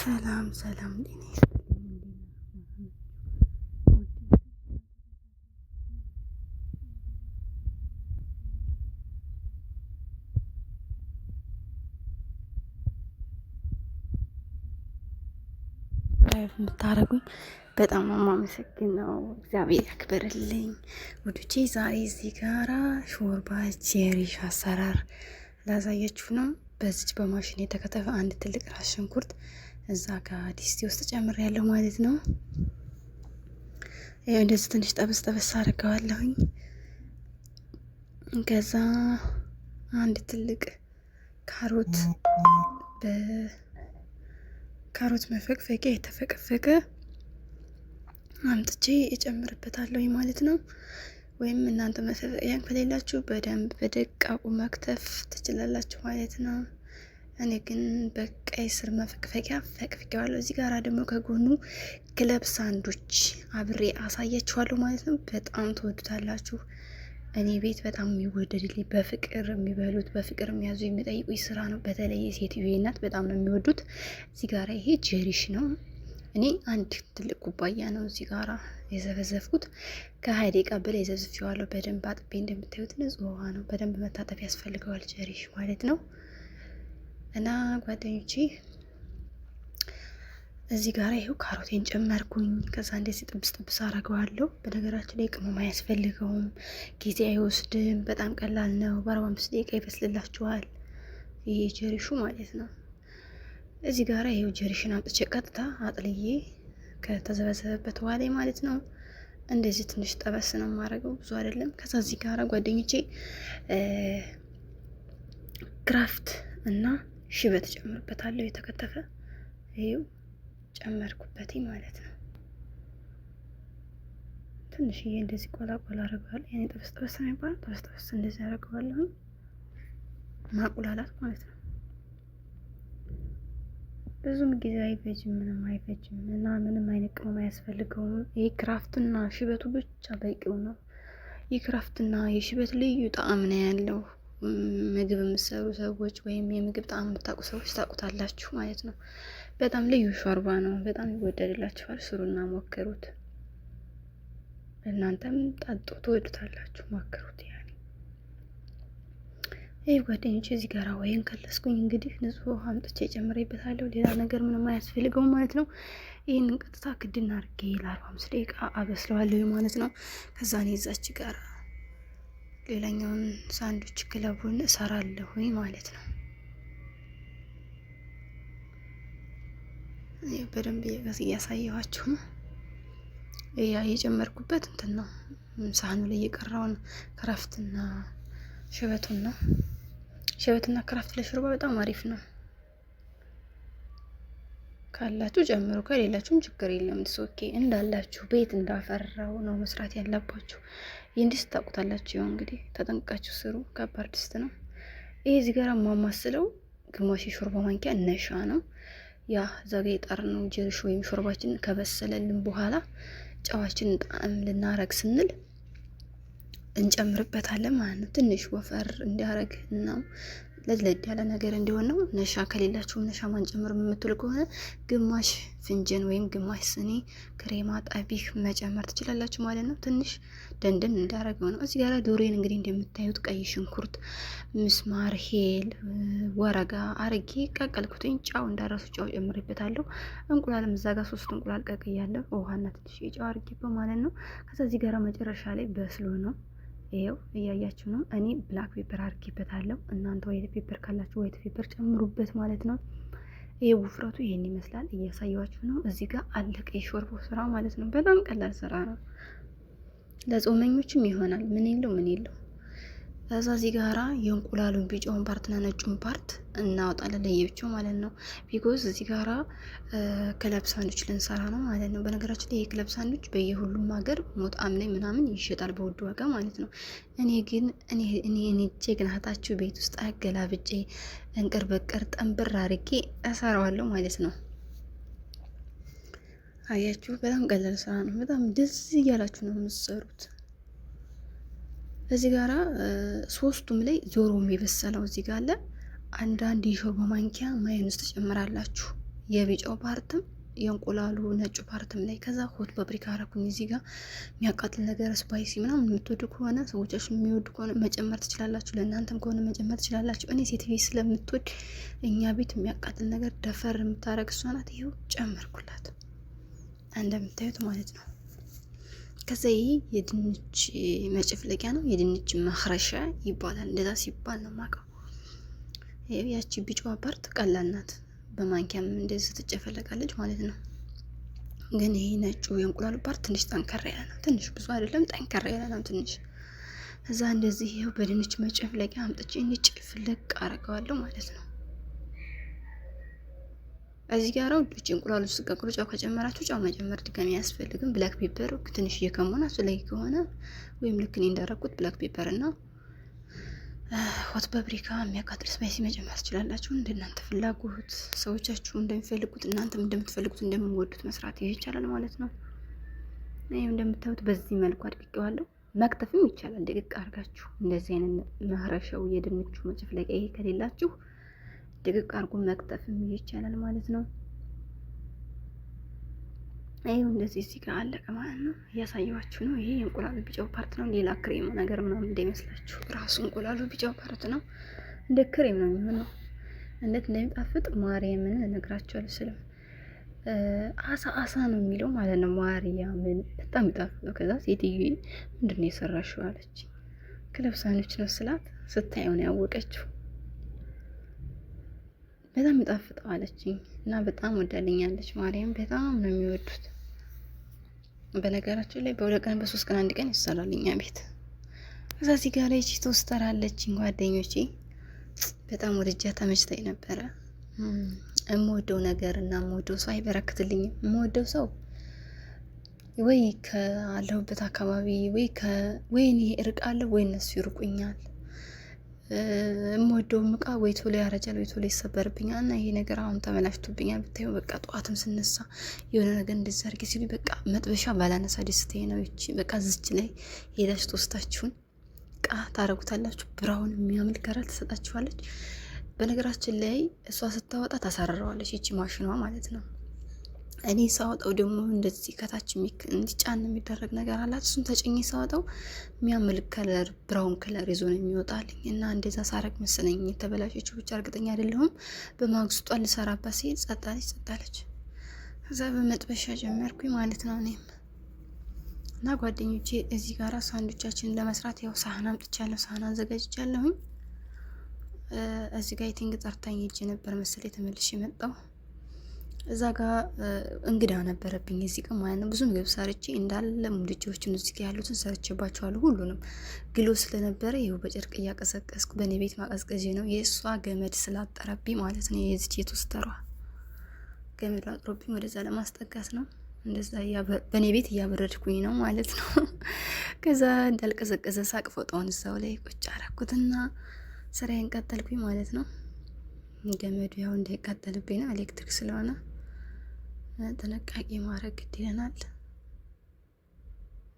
ሰላም ሰላም ጤና የምታደርጉኝ በጣም የማመሰግነው እግዚአብሔር ያክብርልኝ። ውዱቼ ዛሬ እዚህ ጋራ ሾርባ ጀሪሽ አሰራር ላሳያችሁ ነው። በዚች በማሽን የተከተፈ አንድ ትልቅ ራስ ሽንኩርት እዛ ጋር ዲስቲ ውስጥ ጨምር ያለው ማለት ነው። ያው እንደዚህ ትንሽ ጠበስ ጠበስ አድርገዋለሁኝ። ከዛ አንድ ትልቅ ካሮት በካሮት መፈቅፈቂያ የተፈቀፈቀ አምጥቼ እጨምርበታለሁኝ ማለት ነው። ወይም እናንተ መሰብሰቢያን ከሌላችሁ በደንብ በደቃቁ መክተፍ ትችላላችሁ ማለት ነው። እኔ ግን በቀይ ስር መፈቅፈቂያ ፈቅፍቄዋለሁ። እዚህ ጋር ደግሞ ከጎኑ ክለብ ሳንዶች አብሬ አሳያችኋለሁ ማለት ነው። በጣም ትወዱታላችሁ። እኔ ቤት በጣም የሚወደድልኝ በፍቅር የሚበሉት በፍቅር የሚያዙ የሚጠይቁ ስራ ነው። በተለይ የሴትዮ ናት በጣም ነው የሚወዱት። እዚህ ጋር ይሄ ጀሪሽ ነው። እኔ አንድ ትልቅ ኩባያ ነው እዚህ ጋር የዘፈዘፍኩት። ከሀያ ደቂቃ በላይ ዘፍዝፌዋለሁ። በደንብ አጥቤ እንደምታዩት ንጹህ ውሃ ነው። በደንብ መታጠፍ ያስፈልገዋል ጀሪሽ ማለት ነው። እና ጓደኞቼ እዚህ ጋራ ይኸው ካሮቴን ጨመርኩኝ። ከዛ እንደዚህ ጥብስ ጥብስ አረገዋለሁ። በነገራችን ላይ ቅመም አያስፈልገውም፣ ጊዜ አይወስድም። በጣም ቀላል ነው። በአርባ አምስት ደቂቃ ይበስልላችኋል። ይሄ ጀሪሹ ማለት ነው። እዚህ ጋር ይሄው ጀሪሽን አምጥቼ ቀጥታ አጥልዬ ከተዘበዘበበት ዋሌ ማለት ነው። እንደዚህ ትንሽ ጠበስ ነው የማደርገው፣ ብዙ አይደለም። ከዛ እዚህ ጋር ጓደኞቼ ክራፍት እና ሽበት ጨምርበታለሁ። የተከተፈ ይኸው ጨመርኩበት ማለት ነው። ትንሽዬ እንደዚህ ቆላ ቆላ አደርገዋለሁ። ያኔ ጠበስ ጠበስ ነው የሚባለው። ጠበስ ጠበስ እንደዚህ አደርገዋለሁ፣ ማቁላላት ማለት ነው። ብዙም ጊዜ አይፈጅም፣ ምንም አይፈጅም እና ምንም አይነት ቅመም አያስፈልገውም። ይህ ክራፍትና ሽበቱ ብቻ በቂው ነው። ይህ ክራፍትና የሽበት ልዩ ጣዕም ነው ያለው። ምግብ የምትሰሩ ሰዎች ወይም የምግብ ጣዕም የምታውቁ ሰዎች ታውቁታላችሁ ማለት ነው። በጣም ልዩ ሾርባ ነው። በጣም ይወደድላችኋል። ስሩና ሞክሩት። እናንተም ጠጡ፣ ትወዱታላችሁ። ሞክሩት። ይህ ጓደኞች እዚህ ጋር ወይን ከለስኩኝ እንግዲህ ንጹህ ውሃ አምጥቼ ጨምሬበታለሁ። ሌላ ነገር ምንም አያስፈልገውም ማለት ነው። ይህንን ቀጥታ ክድና አድርጌ ለአርባ አምስት ደቂቃ አበስለዋለሁ ማለት ነው። ከዛ እኔ እዛች ጋር ሌላኛውን ሳንዱች ክለቡን እሰራለሁ ማለት ነው። በደንብ እየቀስ እያሳየኋችሁ ነው የጨመርኩበት እንትን ነው። ሳህኑ ላይ የቀረውን ክረፍትና ሽበቱን ነው። ሸበትና ክራፍት ለሹርባ በጣም አሪፍ ነው። ካላችሁ ጨምሩ፣ ከሌላችሁም ችግር የለም። ኦኬ እንዳላችሁ ቤት እንዳፈራው ነው መስራት ያለባችሁ። ይህን ድስት ታውቁታላችሁ። እንግዲህ ተጠንቅቃችሁ ስሩ። ከባድ ድስት ነው ይሄ። እዚህ ጋር ማማስለው ግማሽ የሾርባ ማንኪያ ነሻ ነው። ያ ዛጋ የጣር ነው ጀርሽ ወይም ሾርባችን ከበሰለልን በኋላ ጨዋችን ጣዕም ልናረግ ስንል እንጨምርበታለን ማለት ነው። ትንሽ ወፈር እንዲያረግ እና ለድለድ ያለ ነገር እንዲሆን ነው። ነሻ ከሌላችሁም ነሻ ማንጨምር የምትል ከሆነ ግማሽ ፍንጀን ወይም ግማሽ ስኒ ክሬማ ጣቢህ መጨመር ትችላላችሁ ማለት ነው። ትንሽ ደንደን እንዳረገው ነው። እዚህ ጋር ዶሬን እንግዲህ እንደምታዩት ቀይ ሽንኩርት፣ ምስማር፣ ሄል፣ ወረጋ አርጌ ቀቀልኩትኝ። ጫው እንዳረሱ ጫው ጨምሬበታለሁ። እንቁላልም እዛ ጋር ሶስት እንቁላል ቀቅያለሁ። ውሃና ትንሽ የጫው አርጌ ማለት ነው። ከዛ እዚህ ጋር መጨረሻ ላይ በስሎ ነው ይሄው እያያችሁ ነው። እኔ ብላክ ፔፐር አድርጌበታለሁ። እናንተ ዋይት ፔፐር ካላችሁ ዋይት ፔፐር ጨምሩበት ማለት ነው። ይሄ ውፍረቱ ይሄን ይመስላል። እያሳያችሁ ነው። እዚህ ጋር አለቀ የሾርቦ ስራ ማለት ነው። በጣም ቀላል ስራ ነው። ለጾመኞችም ይሆናል። ምን የለው ምን የለው ከዛ እዚህ ጋራ የእንቁላሉን ቢጫውን ፓርትና ነጩን ፓርት እናወጣለን ለየብቻው ማለት ነው። ቢኮዝ እዚህ ጋራ ክለብ ሳንዱች ልንሰራ ነው ማለት ነው። በነገራችን ላይ የክለብ ሳንዱች በየሁሉም ሀገር ሞጣም ላይ ምናምን ይሸጣል በውድ ዋጋ ማለት ነው። እኔ ግን እኔ ጀግና እህታችሁ ቤት ውስጥ አገላብጬ እንቅር በቅር ጠንብር አድርጌ እሰራዋለሁ ማለት ነው። አያችሁ፣ በጣም ቀላል ስራ ነው። በጣም ደስ እያላችሁ ነው የምትሰሩት። እዚህ ጋራ ሶስቱም ላይ ዞሮም የበሰለው እዚህ ጋር አለ። አንዳንድ የሾርባ ማንኪያ ማይኑስ ትጨምራላችሁ። የቢጫው ፓርትም የእንቁላሉ ነጩ ፓርትም ላይ ከዛ ሆት በብሪክ አረኩኝ። እዚህ ጋር የሚያቃጥል ነገር ስፓይሲ ምናምን የምትወዱ ከሆነ ሰዎቻችሁ የሚወዱ ከሆነ መጨመር ትችላላችሁ። ለእናንተም ከሆነ መጨመር ትችላላችሁ። እኔ ሴት ቤት ስለምትወድ እኛ ቤት የሚያቃጥል ነገር ደፈር የምታረግ እሷ ናት። ይኸው ጨመርኩላት እንደምታዩት ማለት ነው። ከዛ ይሄ የድንች መጨፍለቂያ ነው፣ የድንች ማክረሻ ይባላል። እንደዛ ሲባል ነው ማውቀው። ያቺ ቢጫዋ ፓርት ቀላል ናት፣ በማንኪያም እንደዚህ ትጨፈለቃለች ማለት ነው። ግን ይሄ ነጩ የእንቁላሉ ፓርት ትንሽ ጠንከር ያለ ነው። ትንሽ ብዙ አይደለም፣ ጠንከር ያለ ነው ትንሽ። እዛ እንደዚህ ይኸው በድንች መጨፍለቂያ አምጥቼ ፍለቅ አረገዋለሁ ማለት ነው። እዚህ ጋር ውዶች እንቁላሉ ስቀቅሎ ጨው ከጨመራችሁ ጨው መጨመር ድጋሚ አያስፈልግም። ብላክ ፔፐር ትንሽ እየከመሆነ አስፈላጊ ከሆነ ወይም ልክ እኔ እንዳረኩት ብላክ ፔፐር እና ሆት ፓፕሪካ የሚያቃጥል ስፓይሲ መጨመር ትችላላችሁ። እንደ እናንተ ፍላጎት ሰዎቻችሁ እንደሚፈልጉት እናንተም እንደምትፈልጉት እንደምወዱት መስራት ይቻላል ማለት ነው። ይህም እንደምታዩት በዚህ መልኩ አድቅቄዋለሁ። መክተፍም ይቻላል። ድቅቅ አድርጋችሁ እንደዚህ አይነት መረሻው የድንቹ መጨፍለቂያ ይሄ ከሌላችሁ ድቅቅ አድርጎ መቅጠፍም ይቻላል ማለት ነው። ይሄው እንደዚህ እዚህ ጋር አለቀ ማለት ነው። እያሳየዋችሁ ነው። ይሄ የእንቁላሉ ቢጫው ፓርት ነው። ሌላ ክሬም ነገር ምናምን እንዳይመስላችሁ ራሱ እንቁላሉ ቢጫው ፓርት ነው። እንደ ክሬም ነው የሚሆነው። እንዴት እንደሚጣፍጥ ማርያምን እነግራችኋለሁ። አልችልም። አሳ አሳ ነው የሚለው ማለት ነው። ማርያምን በጣም ይጣፍጥ። ከዛ ሴትዮ ምንድን ነው የሰራሽው አለች። ክለብ ሳንች ነው ስላት ስታየው ነው ያወቀችው። በጣም ይጣፍጠዋል አለችኝ እና በጣም ወዳልኛለች። ማርያም በጣም ነው የሚወዱት። በነገራችን ላይ በሁለት ቀን በሶስት ቀን አንድ ቀን ይሰራል እኛ ቤት። እዛ እዚህ ጋር ላይ ቶስተር አለችኝ ጓደኞቼ፣ በጣም ወድጃ ተመችታኝ ነበረ። የምወደው ነገር እና የምወደው ሰው አይበረክትልኝም። የምወደው ሰው ወይ ከአለሁበት አካባቢ ወይ ወይ እኔ እርቃለሁ ወይ እነሱ ይርቁኛል። የምወደው እቃ ወይ ቶሎ ያረጃል ወይ ቶሎ ይሰበርብኛል እና ይሄ ነገር አሁን ተመላሽቶብኛል ብታዩ በቃ ጠዋትም ስነሳ የሆነ ነገር እንደዚህ አድርጊ ሲሉ በቃ መጥበሻ ባላነሳ ደስታዬ ነው ይቺ በቃ ዝች ላይ ሄዳችሁ ተወስታችሁን ቃ ታረጉታላችሁ ብራውን የሚያምል ጋራ ትሰጣችኋለች በነገራችን ላይ እሷ ስታወጣ ታሳርረዋለች ይቺ ማሽኗ ማለት ነው እኔ ሳወጣው ደግሞ እንደዚህ ከታች እንዲጫን የሚደረግ ነገር አላት። እሱን ተጭኝ ሳወጣው የሚያምልክ ከለር ብራውን ከለር ይዞ ነው የሚወጣልኝ እና እንደዛ ሳረግ መሰለኝ የተበላሸችው፣ ብቻ እርግጠኛ አይደለሁም። በማግስጧ ልሰራባት ሲል ጸጣለች ጸጣለች። እዛ በመጥበሻ ጀመርኩኝ ማለት ነው እኔም እና ጓደኞቼ እዚህ ጋር ሳንዶቻችን ለመስራት ያው ሳህን አምጥቻለሁ፣ ሳህን አዘጋጅቻለሁኝ። እዚህ ጋር የቲንግ ጠርታኝ ሄጄ ነበር መሰለኝ ተመልሼ መጣሁ። እዛ ጋ እንግዳ ነበረብኝ እዚህ ቀን ማለት ነው። ብዙ ምግብ ሰርቼ እንዳለ ሙልጃዎችን እዚህ ጋር ያሉትን ሰርቼባቸዋለሁ ሁሉንም። ግሎ ስለነበረ ይኸው በጨርቅ እያቀዘቀዝኩ በእኔ ቤት ማቀዝቀዜ ነው። የእሷ ገመድ ስላጠረብኝ ማለት ነው። የዚች የተወስተሯ ገመዱ አጥሮብኝ ወደዛ ለማስጠጋት ነው። እንደዛ በእኔ ቤት እያበረድኩኝ ነው ማለት ነው። ከዛ እንዳልቀዘቀዘ ሳቅ ፎጣውን እዛው ላይ ቁጭ አረኩትና ስራዬን ቀጠልኩኝ ማለት ነው። ገመዱ ያው እንዳይቃጠልብኝ ነው ኤሌክትሪክ ስለሆነ ጥንቃቄ ማድረግ ግድ ይለናል።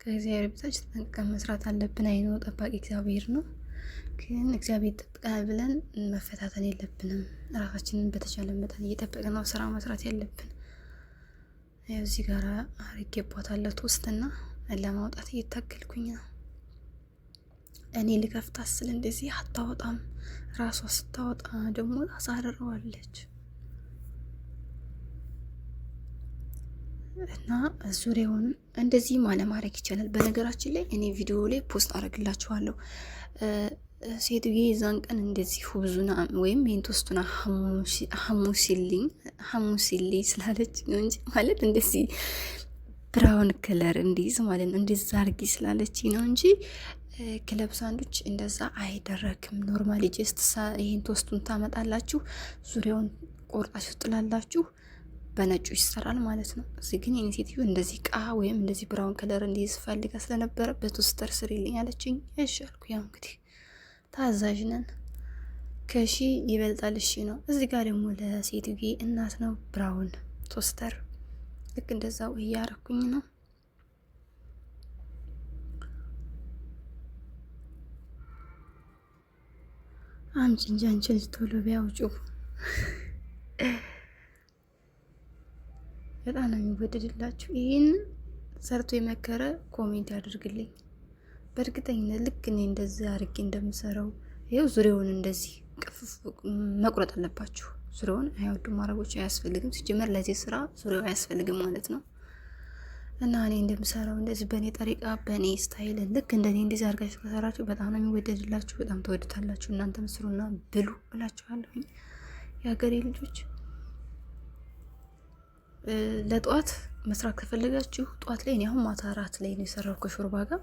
ከእግዚአብሔር በታች ተጠንቅቀን መስራት አለብን። አይኑ ጠባቂ እግዚአብሔር ነው፣ ግን እግዚአብሔር ይጠብቀናል ብለን መፈታተን የለብንም። ራሳችንን በተቻለ መጠን እየጠበቅን ነው ስራ መስራት ያለብን። እዚህ ጋር ቦታለት ውስጥና ለማውጣት እየታገልኩኝ ነው። እኔ ልከፍታ ስል እንደዚህ አታወጣም። ራሷ ስታወጣ ደግሞ ታሳርረዋለች። እና ዙሪያውን እንደዚህ ማለማድረግ ይቻላል። በነገራችን ላይ እኔ ቪዲዮ ላይ ፖስት አደርግላችኋለሁ። ሴትዬ የዛን ቀን እንደዚህ ሁብዙና ወይም ሜንቶስቱና ሐሙሲሊ ስላለች ነው እንጂ ማለት እንደዚህ ብራውን ክለር እንዲይዝ ማለት ነው እንደዛ አርጊ ስላለች ነው እንጂ ክለብ ሳንዱች እንደዛ አይደረግም። ኖርማሊ ጀስት ይህን ቶስቱን ታመጣላችሁ፣ ዙሪያውን ቆርጣችሁ ጥላላችሁ። በነጩ ይሰራል ማለት ነው። እዚህ ግን የኔ ሴትዮ እንደዚህ ቃ ወይም እንደዚህ ብራውን ከለር እንዲይዝ ፈልጋ ስለነበረ በቶስተር ስሪልኝ አለችኝ። እሺ አልኩ። ያው እንግዲህ ታዛዥ ነን። ከሺ ይበልጣል። እሺ ነው። እዚህ ጋር ደግሞ ለሴትዬ እናት ነው ብራውን ቶስተር ልክ እንደዛው እያረኩኝ ነው። አንቺ እንጂ አንቺ ልጅ ቶሎ ቢያውጩ በጣም ነው የሚወደድላችሁ። ይህን ሰርቶ የመከረ ኮሜንት ያደርግልኝ በእርግጠኝነት ልክ እኔ እንደዚህ አርጌ እንደምሰራው ይኸው ዙሪያውን እንደዚህ ቅፍፍ መቁረጥ አለባችሁ። ዙሪያውን አይወዱም አረቦች፣ አያስፈልግም ሲጀመር ለዚህ ስራ ዙሪያው አያስፈልግም ማለት ነው። እና እኔ እንደምሰራው እንደዚህ በእኔ ጠሪቃ በእኔ ስታይል ልክ እንደኔ እንደዚህ አድርጋችሁ ከሰራችሁ በጣም ነው የሚወደድላችሁ፣ በጣም ተወድታላችሁ። እናንተ ስሩና ብሉ እላችኋለሁኝ የሀገሬ ልጆች። ለጠዋት መስራት ከፈለጋችሁ ጠዋት ላይ እኔ አሁን ማታ አራት ላይ ነው የሰራው ከሾርባ ጋር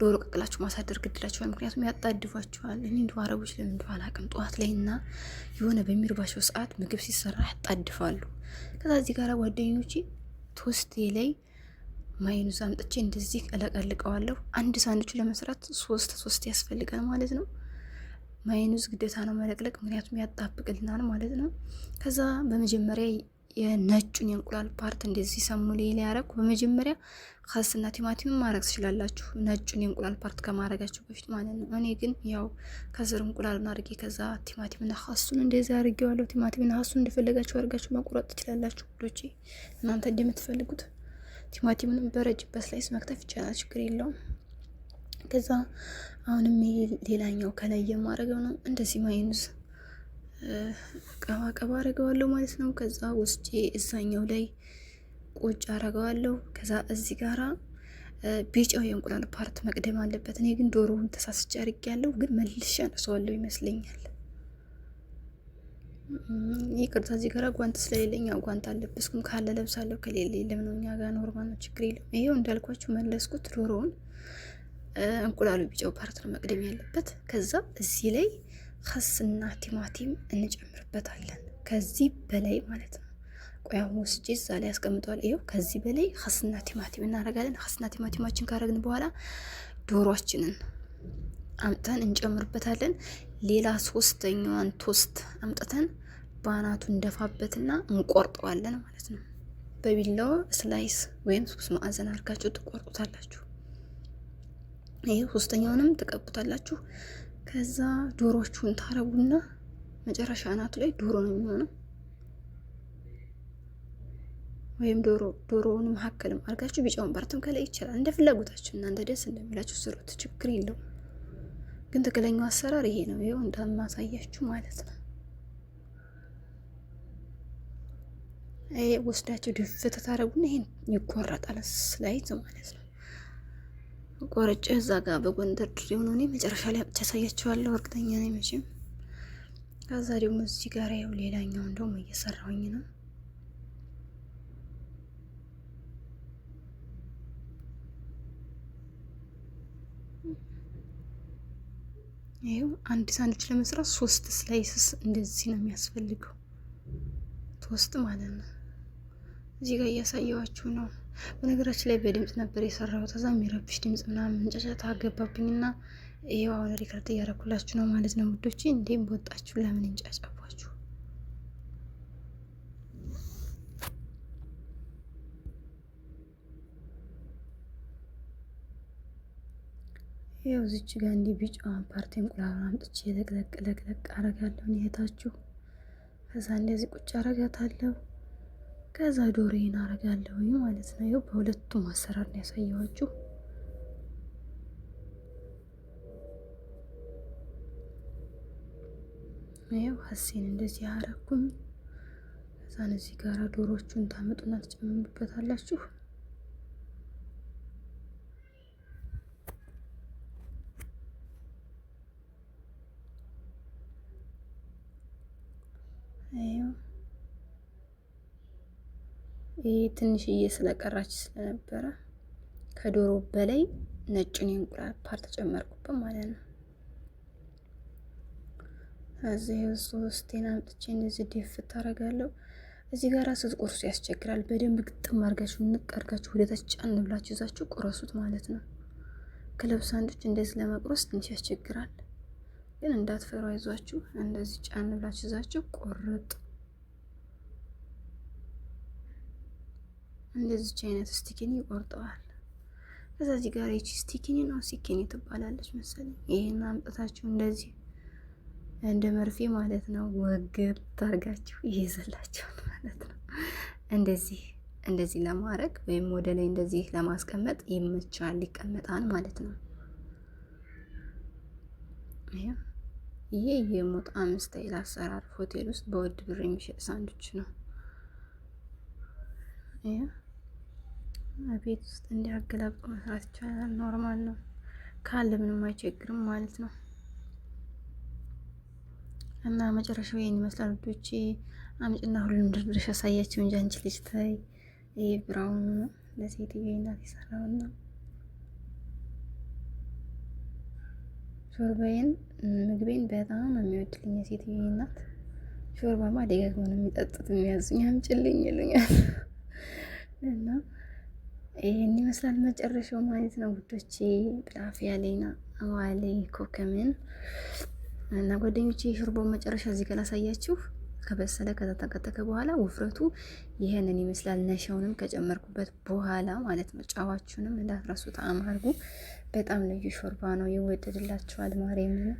ዶሮ ቀቅላችሁ ማሳደር ግድላችኋል። ምክንያቱም ያጣድፏችኋል። እኔ እንደ አረቦች ለምን እንደሆነ አላውቅም። ጠዋት ላይ እና የሆነ በሚርባቸው ሰዓት ምግብ ሲሰራ ያጣድፋሉ። ከዛ እዚህ ጋር ጓደኞቼ ቶስቴ ላይ ማይኑዝ አምጥቼ እንደዚህ እለቀልቀዋለሁ። አንድ ሳንድቹ ለመስራት ሶስት ሶስት ያስፈልጋል ማለት ነው። ማይኑዝ ግዴታ ነው መለቅለቅ፣ ምክንያቱም ያጣብቅልናል ማለት ነው። ከዛ በመጀመሪያ የነጩን የእንቁላል ፓርት እንደዚህ ሰሙሌ ላይ ያረኩ። በመጀመሪያ ከስና ቲማቲም ማድረግ ትችላላችሁ፣ ነጩን የእንቁላል ፓርት ከማድረጋችሁ በፊት ማለት ነው። እኔ ግን ያው ከስር እንቁላሉን አድርጌ ከዛ ቲማቲምና ከሱን እንደዚህ አድርጌዋለሁ። ቲማቲምና ከሱን እንደፈለጋችሁ አድርጋችሁ መቁረጥ ትችላላችሁ። ጉዶቼ እናንተ እንደምትፈልጉት ቲማቲምንም በረጅበት ላይስ መክተፍ ይቻላል፣ ችግር የለውም። ከዛ አሁንም ሌላኛው ከላይ የማድረገው ነው እንደዚህ ማይኑዝ ቀባ ቀባ አረገዋለሁ ማለት ነው። ከዛ ውስጭ እዛኛው ላይ ቁጭ አረገዋለሁ። ከዛ እዚህ ጋራ ቢጫው የእንቁላል ፓርት መቅደም አለበት። እኔ ግን ዶሮውን ተሳስቼ ያለው ግን መልሼ አነሳዋለሁ ይመስለኛል። ቅርታ እዚህ ጋራ ጓንት ስለሌለኝ ጓንት አለብስኩም ካለ ለብሳለሁ፣ ከሌለ የለም ነው። እኛ ጋር ኖርማል ነው፣ ችግር የለም። ይሄው እንዳልኳችሁ መለስኩት ዶሮውን። እንቁላሉ ቢጫው ፓርት ነው መቅደም ያለበት። ከዛ እዚህ ላይ ኸስና ቲማቲም እንጨምርበታለን። ከዚህ በላይ ማለት ነው። ቆያ ውስጪ እዛ ላይ ያስቀምጠዋል። ይኸው ከዚህ በላይ ኸስና ቲማቲም እናደርጋለን። ኸስና ቲማቲማችን ካረግን በኋላ ዶሯችንን አምጥተን እንጨምርበታለን። ሌላ ሶስተኛዋን ቶስት አምጥተን ባናቱ እንደፋበትና እንቆርጠዋለን ማለት ነው። በቢላዋ ስላይስ ወይም ሶስት ማዕዘን አድርጋችሁ ትቆርጡታላችሁ። ይህ ሶስተኛውንም ትቀቡታላችሁ። ከዛ ዶሮቹን ታረቡና መጨረሻ አናቱ ላይ ዶሮ ነው የሚሆነው። ወይም ዶሮ ዶሮውን መካከልም አድርጋችሁ ቢጫውን ፓርትም ከላይ ይቻላል። እንደ ፍላጎታችሁ እናንተ ደስ እንደሚላችሁ ስሩት፣ ችግር የለውም። ግን ትክክለኛው አሰራር ይሄ ነው። ይኸው እንዳማሳያችሁ ማለት ነው። ይሄ ወስዳችሁ ድፍት ታረጉና ይሄን ይቆረጣል ስላይዝ ማለት ነው። ቆርጬ እዛ ጋር በጎንደር ድሬ ሆኖ እኔ መጨረሻ ላይ አምጥቼ አሳያችኋለሁ። እርግጠኛ ነኝ መቼም። ከዛ ደግሞ እዚህ ጋር ያው ሌላኛው እንደውም እየሰራሁኝ ነው። ይኸው አንድ ሳንድች ለመስራት ሶስት ስላይስስ እንደዚህ ነው የሚያስፈልገው፣ ሶስት ማለት ነው። እዚህ ጋር እያሳየዋችሁ ነው። በነገራችን ላይ በድምፅ ነበር የሰራው። ከዛ የሚረብሽ ድምፅ ምናምን ጫጫታ አገባብኝና ይሄው አሁን ሪከርድ እያረኩላችሁ ነው ማለት ነው ውዶች። እንዴም በወጣችሁ ለምን እንጫጫባችሁ ይኸው ዝች ጋር እንዲህ ቢጫ ፓርቲ እንቁላሉን አምጥቼ ለቅለቅ ለቅለቅ አረጋለሁ። ከዛ እንደዚህ ቁጭ አረጋታለሁ። ከዛ ዶሮዬን አረጋለሁ ማለት ነው። ይኸው በሁለቱም አሰራር ነው ያሳየኋችሁ። ይኸው ሀሴን እንደዚህ አረኩኝ። ከዛን እዚህ ጋራ ዶሮቹን ታመጡና ትጨምሩበታላችሁ። ትንሽዬ ስለቀራች ስለነበረ ከዶሮ በላይ ነጭን የእንቁላል ፓርት ጨመርኩበት ማለት ነው። እዚህ ሶስቴን አምጥቼ እንደዚህ ድፍት አደርጋለሁ። እዚህ ጋር ቁርሱ ያስቸግራል። በደንብ ግጥም አድርጋችሁ ንቅ አድርጋችሁ ወደታች ጫን ብላችሁ ይዛችሁ ቆረሱት ማለት ነው። ክለብ ሳንዶች እንደዚህ ለመቁረስ ትንሽ ያስቸግራል፣ ግን እንዳትፈሩ አይዟችሁ። እንደዚህ ጫን ብላችሁ ይዛችሁ ቆርጥ እንደዚች አይነት ስቲኪኒ ይቆርጠዋል። ከዛ ጋር ይቺ ስቲኪኒ ነው ስቲኪኒ ትባላለች መሰለኝ። ይህን አምጥታችሁ እንደዚህ እንደ መርፌ ማለት ነው ወገብ ታርጋችሁ ይይዘላችኋል ማለት ነው። እንደዚህ እንደዚህ ለማድረግ ወይም ወደ ላይ እንደዚህ ለማስቀመጥ ይመቻል፣ ይቀመጣል ማለት ነው። ይሄ የሞጣ ስታይል አሰራር ሆቴል ውስጥ በውድ ብር የሚሸጥ ሳንዱች ነው። ቤት ውስጥ እንዲያገላብጥ መስራት ይቻላል። ኖርማል ነው ካለ ምንም አይቸግርም ማለት ነው። እና መጨረሻው ይህን ይመስላል ልጆቼ። አምጭና ሁሉንም ድርድርሽ ያሳያቸው እንጂ አንቺ ልጅ ታይ ይህ ብራውን ለሴትዮ ናት እና ሾርባዬን ምግቤን በጣም የሚወድልኝ የሴትዮ ናት። ሾርባማ ደጋግሞ ነው የሚጠጡት የሚያዙኝ አምጭልኝ ይሉኛል እና ይህን ይመስላል መጨረሻው ማለት ነው ውዶቼ። ጥራፊ ያሌና አዋሌ ኮከምን እና ጓደኞቼ የሾርባው መጨረሻ እዚህ ጋር ላሳያችሁ። ከበሰለ ከዛ ተቀጠቀ በኋላ ውፍረቱ ይህንን ይመስላል። ነሻውንም ከጨመርኩበት በኋላ ማለት ነው። ጫዋችሁንም እንዳትረሱ ጣዕም አድርጉ። በጣም ልዩ ሾርባ ነው። ይወደድላችኋል። ማርያምን